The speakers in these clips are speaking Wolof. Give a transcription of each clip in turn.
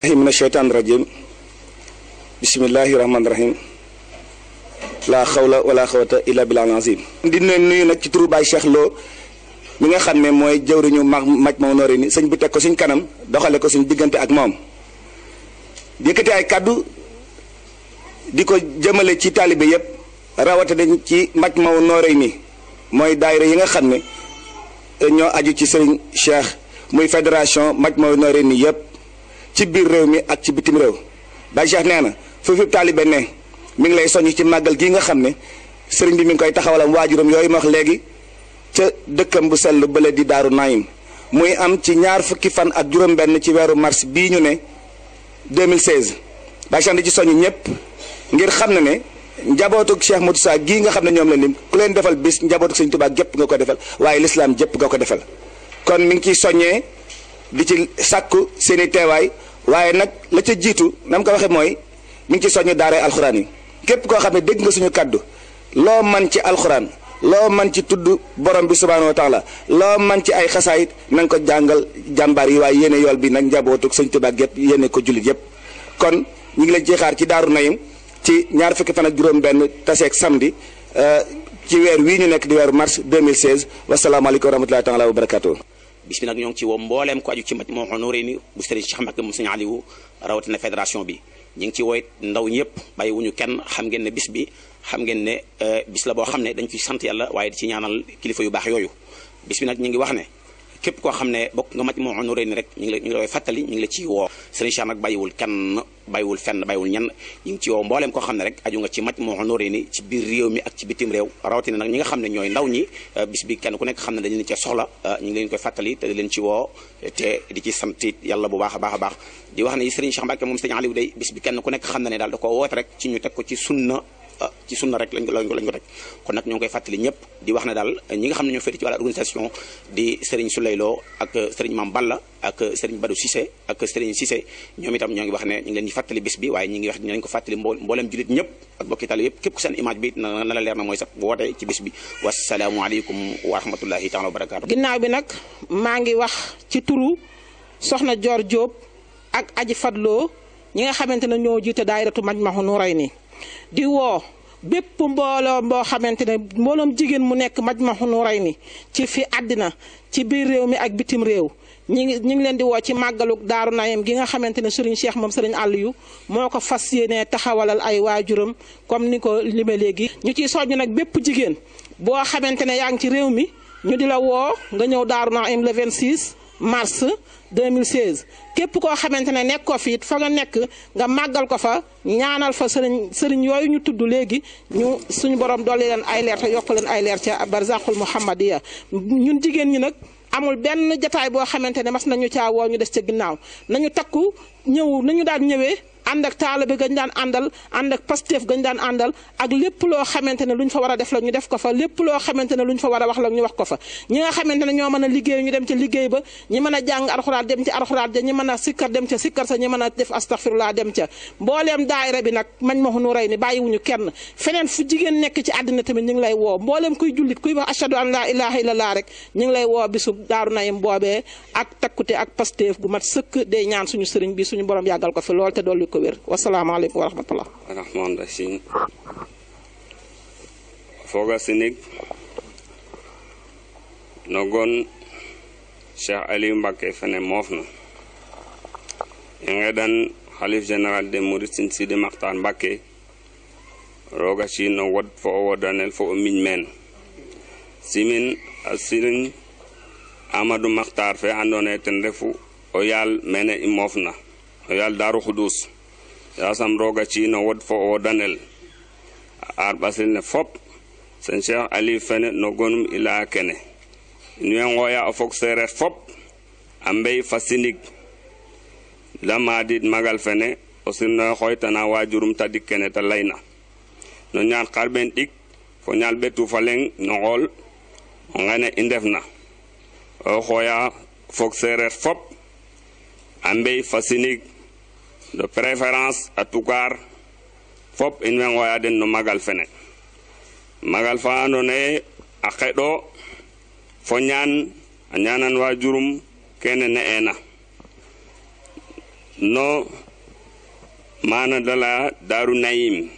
min asheytaan rajim bismillahi rahmaani rahim laa xawla wala xawata di ne nuyu nag ci turu Baye Cheikh Lo mi nga xam ne mooy jëwriñu mag maj maw noori ni sëñ bi teg ko suñ kanam doxale ko suñ diggante ak moom yëkkati ay kàddu di ko jëmale ci taalibe yépp rawata ci maj maw noori nii mooy daayira yi nga xam ne te eh, ñoo aju ci sëriñ Cheikh muy fédération maj maw noori nii yépp ci bir rew mi ak ci bitim rew ba cheikh neena fofu talibé né mi ngi lay soññ ci magal gi nga xamné ne sëriñ bi mi ngi koy taxawalam waajuram yoy ma wax légui ci dëkkam bu sell bële di daru naim muy am ci ñaar fukki fan ak juróom ben ci wéru mars bi ñu né 2016 ba cheikh di ci soññ ñepp ngir xamné né ne njabootuk cheikh moutousa gi nga xamné ñom la lim ku leen defal bis njabootuk sëñ touba gep nga ko defal waye l'islam gep nga ko defal kon mi ngi ci soñé di ci sàkku seen teewaay waaye nag la ca jiitu na mu ko waxee mooy mi ngi ci soññu daara alxuraan yi képp koo xam ne dégg nga suñu kàddu loo man ci alxuraan loo man ci tudd borom bi subhaanahu wa taala loo man ci ay xasaayit na nga ko jàngal jàmbaar yi waaye yéene yool bi nag njabootug sëñ Tuubaa yépp yéene ko jullit yépp kon ñu ngi leen ci xaar ci Daaru Nayim ci ñaar fukki fan ak juróom-benn taseeg samedi euh, ci weer wii ñu nekk di weeru mars 2016 wasalaamaaleykum wa rahmatullahi taala wa barakatuh bis bi nag ñoo ngi ci woo mbooleem ko aju ci Majmahun Nurayni bu Serigne Cheikh Mbacké moom Serigne Aliou rawatina fédération bi ñu ngi ci woy ndaw ñëpp ñu kenn xam ngeen ne bis bi xam ngeen ne euh, bis la boo xam ne dañ ciy sant yàlla waaye di ci ñaanal kilifa yu baax yooyu bis bi nag ñu ngi wax ne képp koo xam ne bokk nga maj moo honoré ni rek ñu ngi la ñu ngi la koy fàttali ñu ngi la ciy woo sëriñ Cheikh nag bàyyiwul ci woo mbooleem koo xam ne rek aju nga ci maj moo honoré ni ci biir réew mi ak ci bitim réew rawatina nag ñi nga xam ne ñooy ndaw ñi euh, bis bi kenn ku nekk xam ne dañu leen cee soxla euh, ñu ngi leen koy fàttali te bu baax a baax a baax di wax ne ku ne ne daal da ko woote rek ci ñu teg ko ci sunna Ah, ci sunna rek lañ ko lañ ko lañ ko rek kon nak ñong koy fatali ñëpp di wax na dal eh, ñi nga xam ñu ñoo ci wala organisation di serigne Souleylo ak eh, serigne Mam Balla ak eh, serigne Badou Cissé ak serigne Cissé ñom itam ñong wax ne ñu leen di fatali bis bi waye ñi ngi wax ñu lañ ko fatali mbolam julit ñëpp ak bokki tali yëpp képp ku seen image bi na la leer na moy sax woote ci bis bi alaykum wa rahmatullahi taala wa barakatuh ginnaw bi nak ma ngi wax ci turu soxna jor job ak aji Fadlo ñi nga xamantene ne ñoo jiite daayiratu Majmahun Nurayni di woo bépp mbooloo mboo xamante ne mbooloom jigéen mu nekk Majmahun Nurayni ci fi àddina ci biir réew mi ak bitim réew ñi ngi ñi ngi leen di woo ci màggalug daaru nayem gi nga xamante ne sëriñ Cheikh moom sëriñ Aliou moo ko fas yéenee taxawalal ay waajuram comme ni ko lime léegi. ñu ciy soññ nag bépp jigéen boo xamante ne yaa ngi ci réew mi ñu di la woo nga ñëw daaru nayem le 26. mars 2016 képp koo xamante ne nekk ko fi it fa nga nekk nga màggal ko fa ñaanal fa sëriñ sëriñ yooyu ñu tudd léegi ñu suñu borom dolli leen ay leer te yokk leen ay leer ca barzaxul muhammadiya ñun jigéen ñi nag amul benn jataay boo xamante ne mas nañu caawoo ñu des ca ginnaaw nañu takku ñëw ñu daan ñëwee. ànd ak taalibe gañ daan àndal ànd ak Pastef gañ daan àndal ak lépp loo xamante ne luñ fa war a def la ñu def ko fa lépp loo xamante ne luñ fa war a wax la ñu wax ko fa ñi nga xamante ne ñoo mën a liggéey ñu dem ci liggéey ba ñi mën a jàng arxuraan dem ci arxuraan ja ñi mën a sikkar dem ca sikkar sa ñi mën a def astaghfirullah dem ca mbooleem daayira bi nag mañ ma nu rey ni bàyyiwuñu kenn feneen fu jigéen nekk ci àddina tamit ñu ngi lay woo mbooleem kuy jullit kuy wax ashadu an laa ilaha illallah rek ñu ngi lay woo bisu daaru nayim boobee ak takkute ak Pastef gu mat sëkk day ñaan suñu sëriñ bi suñu borom yàggal ko fi lool te dolli ko wér wasalaamaaleykum wa rahmatullah rahmaan rahim foga sinig nogon cheikh aliou mbakke fene moofna ingedan halif général de mouritine sidi maktar mbakke roga ci no wod fo o wodanel fo o miñ meen simin a sirin amadou maktar fe andona ye ten refu o yaal mene i moofna o yaal daaru xudus yasam roga ciino wod fo o danel ar ɓasrinne fop sen cheikh ali fene no gonum ila kene nuen goya o fok sereer fop an bey fasinig madid magal fene o sirnoyo xoy tana wajurum tadik kene ta layna no ñaal xarɓen ɗik fo ñaal ɓe tufaleng no xool ngene i ndefna o xoya fok sereer fop an bey fasinig de préférence a tukar fop in way waya den no magal fene magal fa ando naye a xeɗo fo ñaan a ñanan wa jurum kene ena no mana dala daru naim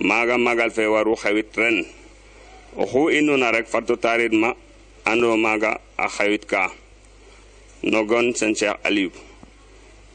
maga magal fe waru xewit ren oxu inuna rek fatu tarid ma ando maga a xewit ka gon sen cheikh aliou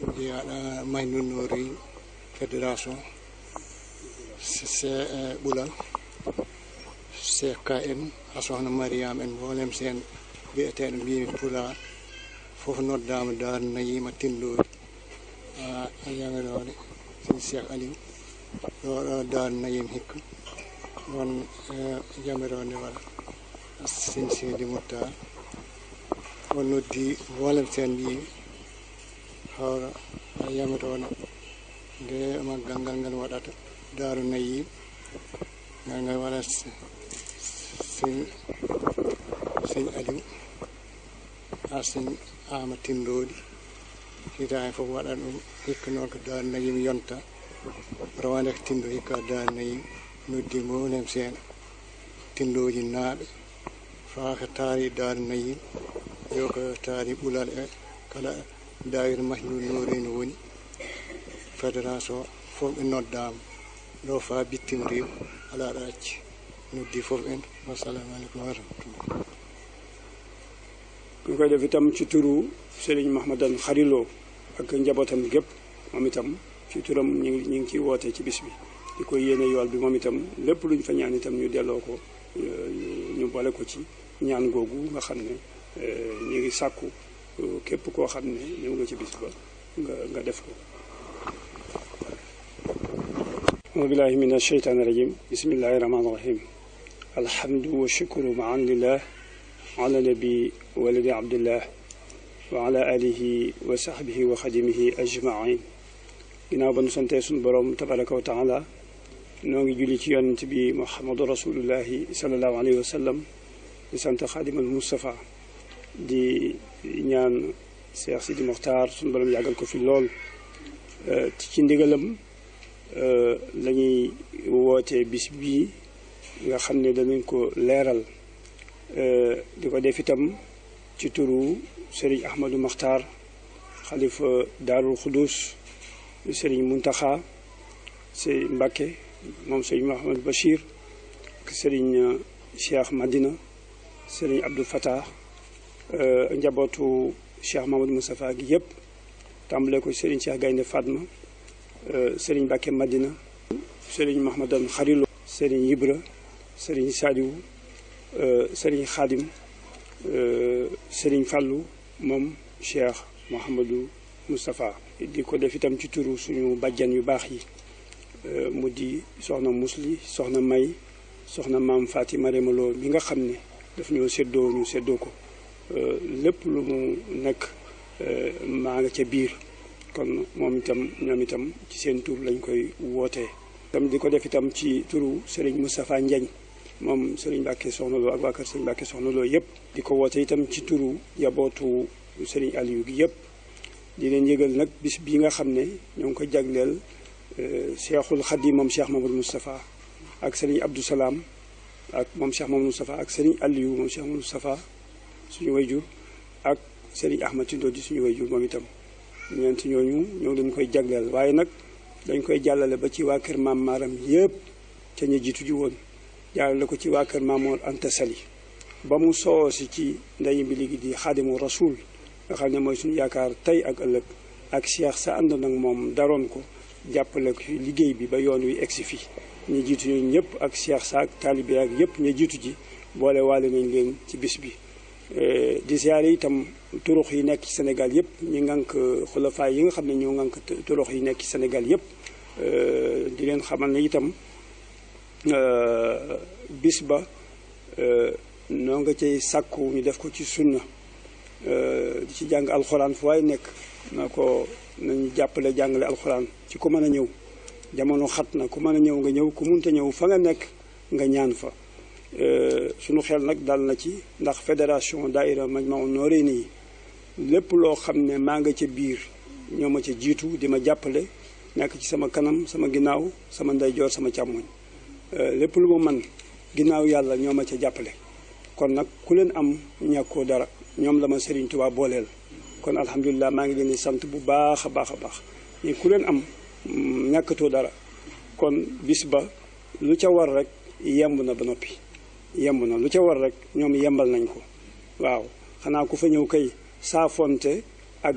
de euh, Mainunori Fédération Ɓulal CFK en a sohna en mboolem seen mbiyeteeɗo mbimi pulaar fof noddaama daar nayiima tinndori a ah, yamirore sin ɗo ɗo daar nayiim hikka ɗon euh, yamirode wala sin sidi moutar noddi mboolem seen mbimi hawra a yamitoona nde ma ngal ngal waɗata daaru nayi ngal ngal waɗa sin aliw ha sëñ ama tindoɗi hitaani fof waɗa ɗum hikka noon ko daaru nayi mi yonta rawande ko tindo hikka daaru nayi noddi mbownem seeɗa tindoji naaɓe faa ko tari daaru nayi yo ko tari ɓulal e kala dawira mahinu norino woni federation fof en noddam do fa bittim rew ala ɗo acci fof en wassalamu aleykum wa rahmatullahi ko def itam ci turu sëriñ mahmadan khalilo ak njabotam gep moom itam ci turam ñi ngi ci wote ci bis bi di ko bi moom itam luñ fa ñaan itam ñu delo ko ñu ko ci ñaan nga xamné ñi eh, ngi sakku képp koo xam ne ñëw nga ci bis ba nga nga def ko abillahi min asheytaan irajim bismillahi rahmaani rahim alhamdu wa shukru maan lillah ala nabi waladi abdillah wa ala alihi wa sahbihi wa xadimihi ajmain ginnaaw ba nu santee suñu boroom tabaraka wa taala noo ngi julli ci yonent bi muhammadu rasulullahi salallahu alayhi wa sallam di sant xaadimal mustafa di ñaan Cheikh Sidi Mokhtar suñu borom yàggal ko fi lool euh, ci ndigalam euh, la ñuy wootee bis bii nga xam ne danañ ko leeral euh, di ko def itam ci turu Serigne Ahmadou Mokhtar xalifa Daarul Xudus Serigne Muntaxa si Mbàkke moom Serigne Mouhamadou Bachir ak Serigne Cheikh Madina Serigne Abdou Fatah Euh, njabootu Cheikh Mamadou Moustapha gi yëpp tàmbale ko Serigne Cheikh Gaynde Fatma euh, Serigne Bakke Madina Serigne Mahmadan Xarilo Serigne Ibra Serigne Sadiou euh, Serigne Khadim sëriñ Fallou moom Cheikh Mouhamadou Moustapha di ko def itam ci turu suñu bàjjan yu baax yi mu di soxna Musli soxna May soxna maam Fatima Remalo bi nga xam ne daf ñoo seddoo ñu séddoo ko Euh, lépp lu mu nekk euh, maa nga ca biir kon moom itam ñoom itam ci seen tur lañ koy woote tam di ko def itam ci turu Serigne Moustapha Ndiagne moom Serigne Mbacke Soxna Lo ak waa kër Serigne Soxna Lo yëpp di ko woote itam ci turu njabootu Serigne Aliou gi yëpp di leen nag bis bi nga xam ne ñoo ngi ko jagleel euh, Cheikhul Khadim moom Cheikh Mamadou Moustapha ak Serigne Abdou Salam ak moom Cheikh Mamadou Moustapha ak Serigne Aliou moom Cheikh Mamadou Moustapha suñu way wayjur ak Serigne Ahmad Tindo di suñu wayjur moom itam ñeent ñooñu ñoo leen koy jagleel waaye nag dañ koy jàllale ba ci waa kër maam maaram yëpp te ñu jiitu ji woon jàllale ko ci waa kër maamoor Anta Sali ba mu soo si ci ndey bi léegi di xaadimu rasul nga xam ne mooy suñu yaakaar tey ak ëllëg ak Cheikh sa àndoon ak moom daroon ko jàppale ko liggéey bi ba yoon wi egg si fii ñu jiitu ñooñu ñëpp ak Cheikh sa ak taalibe ak yëpp ñu jiitu ji boole waale nañ ci bis Eh, di ziare itam turux yi nekk ci senegal yëpp ñi ngànk eh, xulafaay yi nga xam ne ñoo ngànk turux yi nekk ci senegal yëpp eh, di leen xamal ne itam bis ba noo nga cay sàkku ñu def ko ci sunna di ci jàng alxuraan fu waaye nekk na ko nañ jàppale jàngale alxuraan ci ko mën a ñëw jamono xat na ku mën a ñëw nga ñëw ku munta ñëw fa nga nekk nga ñaan fa Euh, sunu xel nag daal na ci ndax fédération daaira Majmahun Nurayni nii lépp loo xam ne maa nga ca biir ñoo ma ca jiitu di ma jàppale nekk ci sama kanam sama ginnaaw sama ndeyjoor sama càmmoñ euh, lépp lu ma man ginnaaw yàlla ñoo ma ca jàppale kon nag ku leen am ñàkkoo dara ñoom la ma Serigne Touba booleel kon alhamdulilah maa ngi leen di sant bu baax a baax a baax ku leen am mm, ñàkkatoo dara kon bis ba lu ca war rek yemb na ba noppi yemb na lu ca war rek ñoom yembal nañ ko waaw xanaa ku fa ñëw kay saafonte ak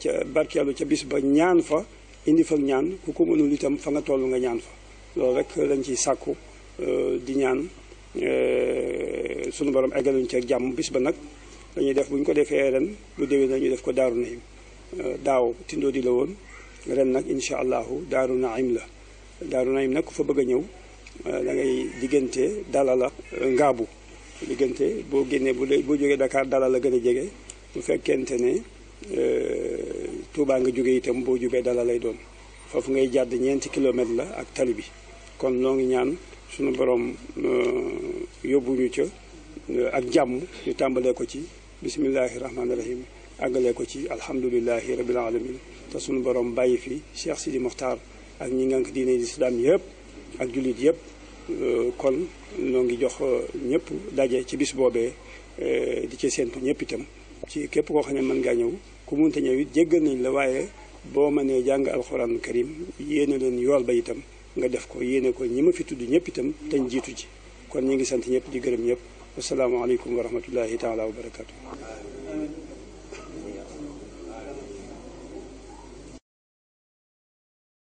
ca barkeelu ca bis ba ñaan fa indi fa ñaan ku ko mënul itam fa nga toll nga ñaan fa loolu rek lañ ciy sàkku euh, di ñaan euh, sunu borom eggaluñ ca jàmm bis ba nag dañuy def bu ñu ko defee ren lu déwén nañu def ko daaru naim euh, daaw tindoo di la woon ren nag incha allahu daaru naim la daaru naim nag ku fa bëgg a ñëw Euh, da ngay diggante la euh, Ngaabu diggante boo génnee bu dee boo jógee Dakar la gën a jege bu fekkente ne euh, Touba nga jóge itam boo jubee dala lay doon foofu ngay jàdd ñeenti kilomètre la ak tali bi kon noo ngi ñaan suñu borom yóbbuñu ca ak jàmm ñu tàmbalee ko ci bisimillahi rahmaani rahim àggalee ko ci alhamdulilahi rabil alamin te suñu borom bàyyi fi Cheikh Sidi Mokhtar ak ñi ngank diine lislaam yëpp ak jullit yëpp euh, kon noo ngi jox euh, ñëpp daje ci bis boobee euh, di ci séentu ñëpp itam ci képp koo xam ne mën ngaa ñëw ku munte ñëw it nañ la waaye boo mënee jàng alxuraanu karim yéene leen yool ba itam nga def ko yéene ko ñi ma fi tudd ñëpp itam tañ jiitu ji kon ñu ngi sant ñëpp di gërëm ñëpp wasalaamaaleykum wa rahmatullahi taala wa barakatu